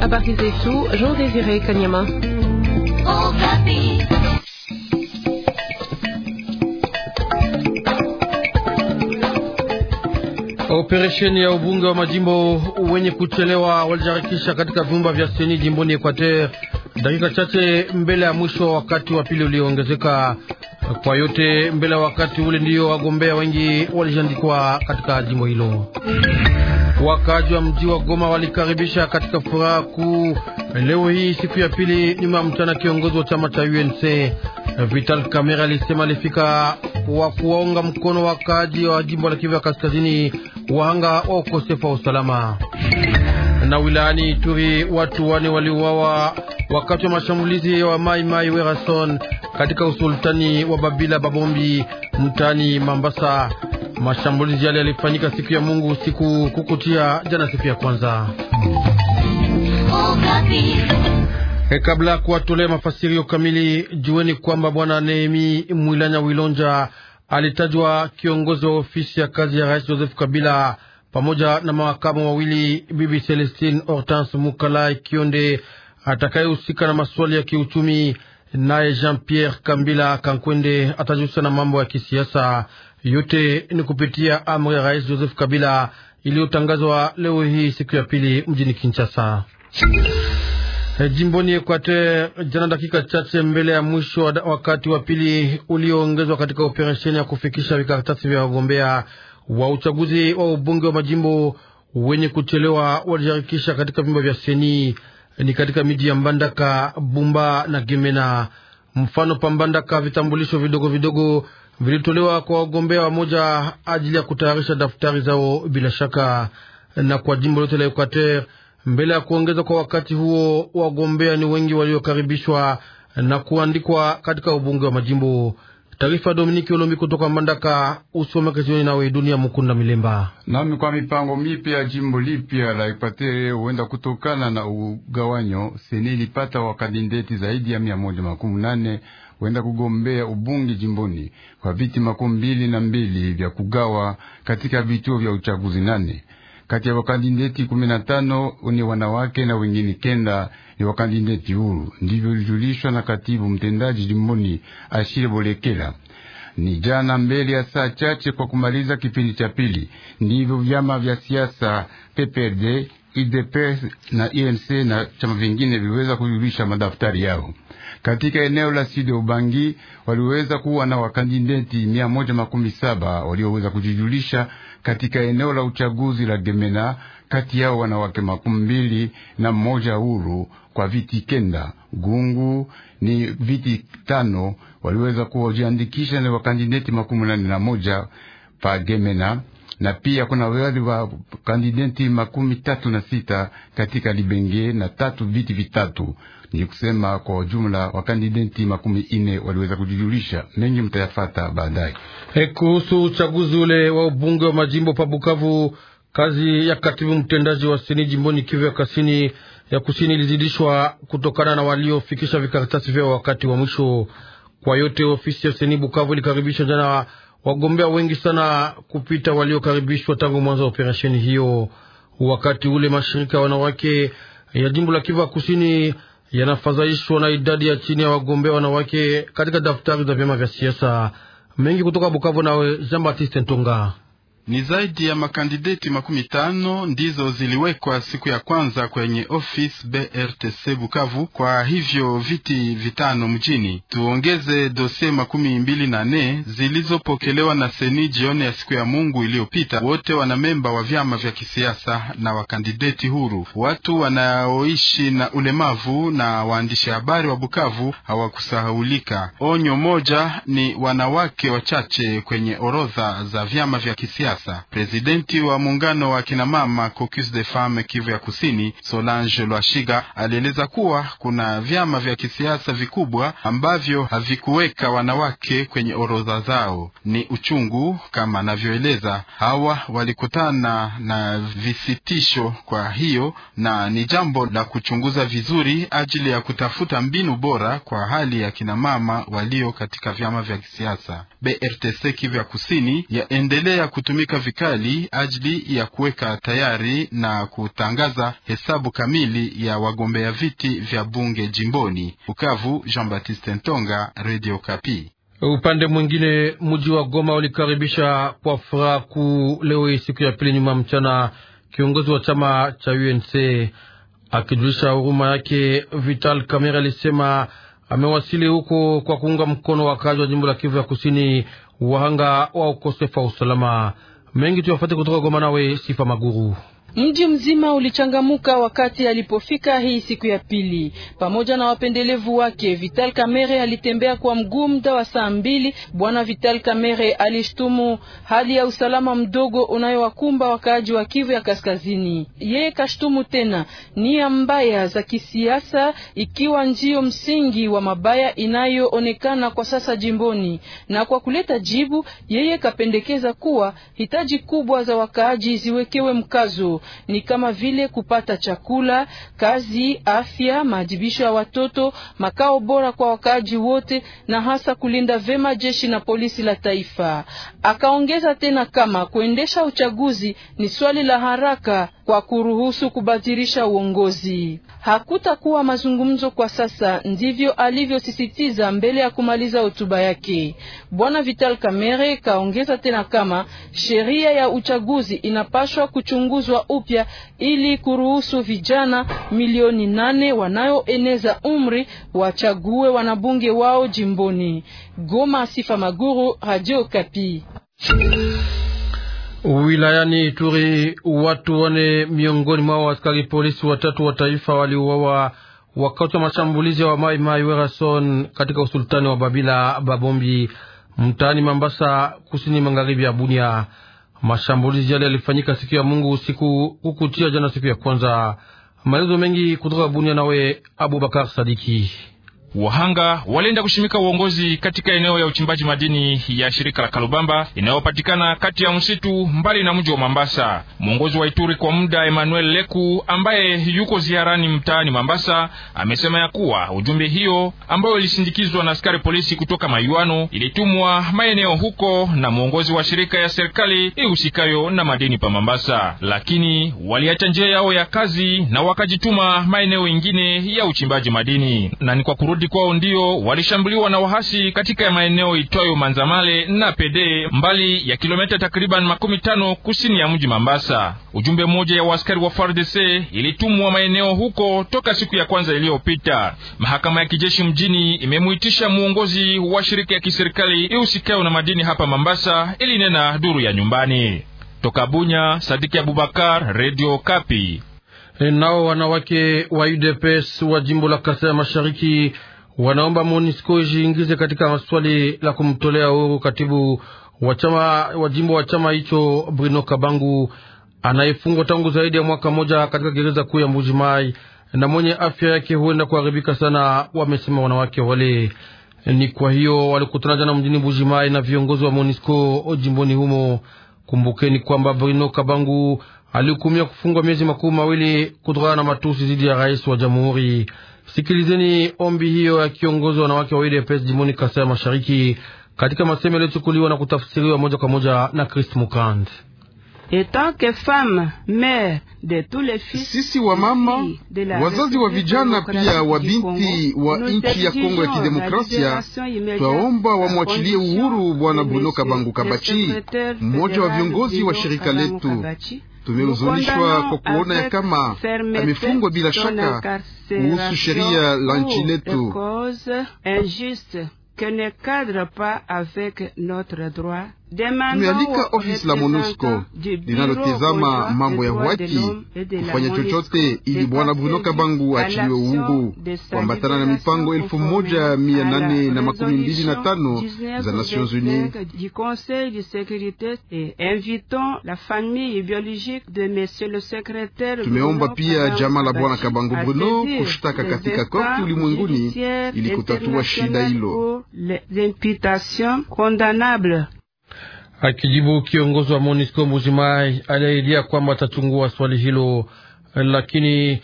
Habari zetu Jean Désiré Kanyama. Operesheni ya ubunge wa majimbo wenye kuchelewa walijarikisha katika vyumba vya seni jimboni Equateur dakika chache mbele ya mwisho wa wakati wa pili ulioongezeka. Kwa yote mbele ya wakati ule, ndiyo wagombea wengi walijiandikwa katika jimbo hilo. Wakaji wa mji wa Goma walikaribisha katika furaha kuu leo hii siku ya pili nyuma ya mchana kiongozi wa chama cha UNC Vital Kamera alisema alifika wa kuwaunga mkono wakaji wa jimbo la Kivu ya Kaskazini wahanga wa ukosefu wa usalama. Na wilayani Ituri watu wane waliuawa wakati wa mashambulizi wa Mai Mai Werason katika usultani wa Babila Babombi mtani Mambasa. Mashambulizi yale yalifanyika siku ya Mungu usiku kukutia jana, siku ya kwanza e, kabla ya kuwatolea mafasirio kamili, jueni kwamba bwana Nehemi Mwilanya Wilonja alitajwa kiongozi wa ofisi ya kazi ya Rais Joseph Kabila pamoja na mahakamu wawili, Bibi Celestine Hortense Mukalai Kionde atakayehusika na maswali ya kiuchumi, naye Jean Pierre Kambila Kankwende atajihusisha na mambo ya kisiasa. Yote ni kupitia amri ya Rais Joseph Kabila iliyotangazwa leo hii siku ya pili mjini Kinshasa. Eh, jimboni Equateur, jana dakika chache mbele ya mwisho wa wakati wa pili ulioongezwa katika operesheni ya kufikisha vikaratasi vya wagombea wa uchaguzi wa ubunge wa majimbo wenye kuchelewa waliharikisha katika vyumba vya seni eh, ni katika miji ya Mbandaka, Bumba na Gemena. Mfano pa Mbandaka, vitambulisho vidogo vidogo vilitolewa kwa wagombea wamoja ajili ya kutayarisha daftari zao bila shaka, na kwa jimbo lote la Equateur. Mbele ya kuongeza kwa wakati huo, wagombea ni wengi waliokaribishwa na kuandikwa katika ubunge wa majimbo. Taarifa ya Dominiki Olombi kutoka Mbandaka, usomeke jioni nawe Dunia Mukunda Milemba. Nami kwa mipango mipya ya jimbo lipya la Ekwatere huenda kutokana na ugawanyo, seni ilipata wakandideti zaidi ya mia moja makumi nane kwenda kugombea ubunge jimboni kwa viti makumi mbili na mbili vya kugawa katika vituo vya uchaguzi nane. Kati ya wakandideti kumi na tano ni wanawake na wengine kenda ni wakandideti huru. Ndivyo ilijulishwa na katibu mtendaji jimboni Ashile Bolekela ni jana mbele ya saa chache kwa kumaliza kipindi cha pili. Ndivyo vyama vya siasa PPRD IDP na INC na chama vingine viliweza kujulisha madaftari yao. Katika eneo la Sud Ubangi waliweza kuwa na wakandideti mia moja makumi saba walioweza kujijulisha katika eneo la uchaguzi la Gemena, kati yao wanawake makumi mbili na mmoja huru kwa viti kenda gungu ni viti tano waliweza kujiandikisha na wakandideti makumi nane na moja pa Gemena na pia kuna wadi wa kandidenti makumi tatu na sita katika Libenge na tatu viti vitatu. Ni kusema kwa jumla wa kandidenti makumi ine waliweza kujijulisha. Mengi mtayafata baadaye. Eh, kuhusu uchaguzi ule wa ubunge wa majimbo pa Bukavu, kazi ya katibu mtendaji wa seni jimboni Kivu ya kasini ya kusini ilizidishwa kutokana na waliofikisha vikaratasi vyao wakati wa mwisho. Kwa yote ofisi ya seni Bukavu ilikaribisha jana wagombea wengi sana kupita waliokaribishwa tangu mwanzo wa operesheni hiyo. Wakati ule mashirika ya wanawake ya jimbo la Kivu Kusini yanafadhaishwa na idadi ya chini ya wagombea wanawake katika daftari za vyama vya siasa mengi. Kutoka Bukavu nawe Jean Baptiste Ntonga. Ni zaidi ya makandideti makumi tano ndizo ziliwekwa siku ya kwanza kwenye ofisi BRTC Bukavu, kwa hivyo viti vitano mjini. Tuongeze dosie makumi mbili na nne zilizopokelewa na seni jioni ya siku ya Mungu iliyopita. Wote wana memba wa vyama vya kisiasa na wakandideti huru. Watu wanaoishi na ulemavu na waandishi habari wa Bukavu hawakusahaulika. Onyo moja ni wanawake wachache kwenye orodha za vyama vya kisiasa kisiasa. Prezidenti wa muungano wa kinamama Caucus des Femmes Kivu ya Kusini, Solange Lwashiga, alieleza kuwa kuna vyama vya kisiasa vikubwa ambavyo havikuweka wanawake kwenye orodha zao. Ni uchungu kama anavyoeleza. Hawa walikutana na visitisho, kwa hiyo na ni jambo la kuchunguza vizuri ajili ya kutafuta mbinu bora kwa hali ya kinamama walio katika vyama vya kisiasa. BRTC Kivu ya Kusini yaendelea kutumia kutumika vikali ajili ya kuweka tayari na kutangaza hesabu kamili ya wagombea viti vya bunge jimboni Bukavu. Jean Baptiste Ntonga, Radio Kapi. Upande mwingine, mji wa Goma ulikaribisha kwa furaha kuu leo hii siku ya pili nyuma mchana kiongozi wa chama cha UNC akijulisha huruma yake. Vital Kamerhe alisema amewasili huko kwa kuunga mkono wakazi wa jimbo la Kivu ya Kusini, wahanga wa ukosefu wa usalama. Mengi tuyafate kutoka Goma, nawe Sifa Maguru. Mji mzima ulichangamuka wakati alipofika hii siku ya pili pamoja na wapendelevu wake. Vital Kamere alitembea kwa mguu muda wa saa mbili. Bwana Vital Kamere alishtumu hali ya usalama mdogo unayowakumba wakaaji wa Kivu ya Kaskazini. Yeye kashtumu tena nia mbaya za kisiasa, ikiwa ndio msingi wa mabaya inayoonekana kwa sasa jimboni. Na kwa kuleta jibu, yeye kapendekeza kuwa hitaji kubwa za wakaaji ziwekewe mkazo ni kama vile kupata chakula, kazi, afya, maadibisho ya watoto, makao bora kwa wakaaji wote, na hasa kulinda vema jeshi na polisi la taifa. Akaongeza tena kama kuendesha uchaguzi ni swali la haraka kwa kuruhusu kubadilisha uongozi. Hakutakuwa mazungumzo kwa sasa, ndivyo alivyosisitiza mbele ya kumaliza hotuba yake. Bwana Vital Kamerhe kaongeza tena kama sheria ya uchaguzi inapashwa kuchunguzwa upya ili kuruhusu vijana milioni nane wanayoeneza umri wachague wanabunge wao jimboni. Goma, Sifa Maguru, Radio Kapi. Wilayani Ituri watu wane miongoni mwa askari polisi watatu wa taifa waliuawa wakati wa mashambulizi wa Mai Mai Werason katika usultani wa Babila Babombi mtaani Mambasa kusini magharibi ya Bunia. Mashambulizi yale yalifanyika siku ya Mungu usiku kukutia jana siku ya kwanza. Maelezo mengi kutoka Bunia nawe Abubakar Sadiki. Wahanga walienda kushimika uongozi katika eneo ya uchimbaji madini ya shirika la Kalubamba inayopatikana kati ya msitu mbali na mji wa Mambasa. Mwongozi wa Ituri kwa muda Emmanuel Leku ambaye yuko ziarani mtaani Mambasa amesema ya kuwa ujumbe hiyo ambayo ilisindikizwa na askari polisi kutoka Maiwano ilitumwa maeneo huko na mwongozi wa shirika ya serikali ihusikayo na madini pa Mambasa, lakini waliacha njia yao ya kazi na wakajituma maeneo ingine ya uchimbaji madini na ni kwa kurudi kurudi kwao ndio walishambuliwa na wahasi katika maeneo itwayo Manzamale na Pede, mbali ya kilomita takriban makumi tano kusini ya mji Mambasa. Ujumbe mmoja ya waskari wa FARDC ilitumwa maeneo huko toka siku ya kwanza iliyopita. Mahakama ya kijeshi mjini imemwitisha muongozi wa shirika ya kiserikali ihusikao na madini hapa Mambasa, ilinena duru ya nyumbani toka Bunya. Sadiki Abubakar, Radio Kapi. Nao wanawake wa UDPS wa jimbo la Kasai ya Mashariki wanaomba MONUSCO ijiingize katika swali la kumtolea huru katibu wa chama wa jimbo wa chama hicho Bruno Kabangu anayefungwa tangu zaidi ya mwaka mmoja katika gereza kuu ya mai na mwenye afya yake huenda kuharibika sana, wamesema wanawake wale. Ni kwa hiyo walikutana jana mjini Mbujimai na viongozi wa MONUSCO jimboni humo. Kumbukeni kwamba Bruno Kabangu alihukumiwa kufungwa miezi makumi mawili kutokana na matusi dhidi ya rais wa jamhuri. Sikilizeni ombi hiyo ya kiongozi wa wanawake wawili EPS jimoni Kasai Mashariki katika masemo yaliyochukuliwa na kutafsiriwa moja kwa moja na Chris Mukand. Sisi wa mama wazazi wa vijana pia wa binti wa nchi ya Kongo ya Kidemokrasia, twaomba wamwachilie uhuru Bwana Bruno Kabangu Kabachi, mmoja wa viongozi wa shirika letu. Tumehuzunishwa kwa kuona ya kama amefungwa bila shaka cadre pas avec notre droit, Tumealika ofisi la MONUSCO linalotizama mambo ya uhaki kufanya chochote ili bwana Bruno Kabangu achiliwe uhuru kuambatana na mipango elfu moja mia nane na makumi mbili na tano za Nations Unies. Tumeomba pia jama la bwana Kabangu Bruno kushtaka katika korti ulimwenguni ili kutatua shida hilo. Akijibu kiongozi wa MONUSCO Mbujimai aliahidia kwamba atachungua swali hilo, lakini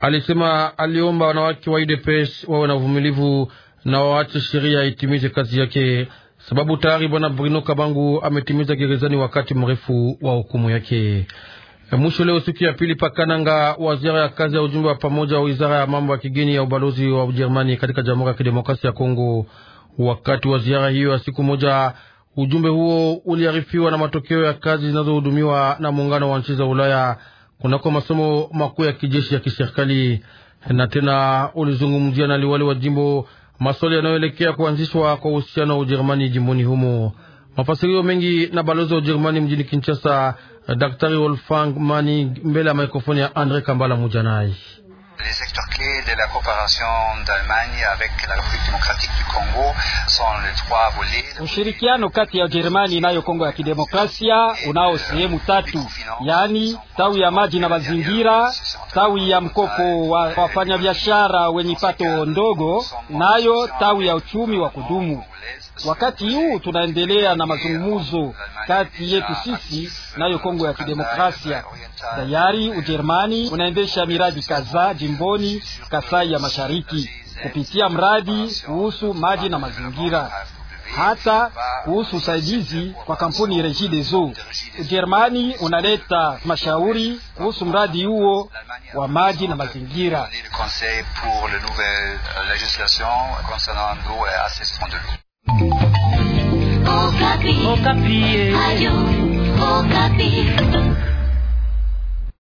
alisema aliomba wanawake wa UDPS wawe na uvumilivu na waache sheria itimize kazi yake, sababu tayari bwana Bruno Kabangu ametimiza gerezani wakati mrefu wa hukumu yake. Mwisho leo siku ya pili pakananga, waziri ya kazi ya ujumbe wa pamoja wa wizara ya mambo ya kigeni ya ubalozi wa Ujerumani katika Jamhuri ya Kidemokrasia ya Kongo, wakati wa ziara hiyo ya siku moja Ujumbe huo uliarifiwa na matokeo ya kazi zinazohudumiwa na muungano wa nchi za Ulaya kunako masomo makuu ya kijeshi ya kiserikali, na tena ulizungumzia na liwali wa jimbo maswali yanayoelekea kuanzishwa kwa uhusiano wa Ujerumani jimboni humo. Mafasirio mengi na balozi wa Ujerumani mjini Kinshasa, Daktari Wolfgang Mani, mbele ya mikrofoni ya Andre Kambala Mujanai de la coopération d'Allemagne avec la République démocratique du Congo sont les trois volets. Ushirikiano kati ya Ujerumani nayo Kongo ya kidemokrasia unao sehemu tatu, yaani tawi ya maji na mazingira, tawi ya mkopo wa wafanyabiashara wenye pato ndogo, nayo tawi ya uchumi wa kudumu. Wakati huu tunaendelea na mazungumzo kati yetu sisi nayo Kongo ya Kidemokrasia. Tayari Ujerumani unaendesha miradi kadhaa jimboni Kasai ya Mashariki kupitia mradi kuhusu maji na mazingira hata kuhusu usaidizi kwa kampuni Regideso. Ujerumani unaleta mashauri kuhusu mradi huo wa maji na mazingira. Okapi. Oh, Okapi. Oh, Okapi.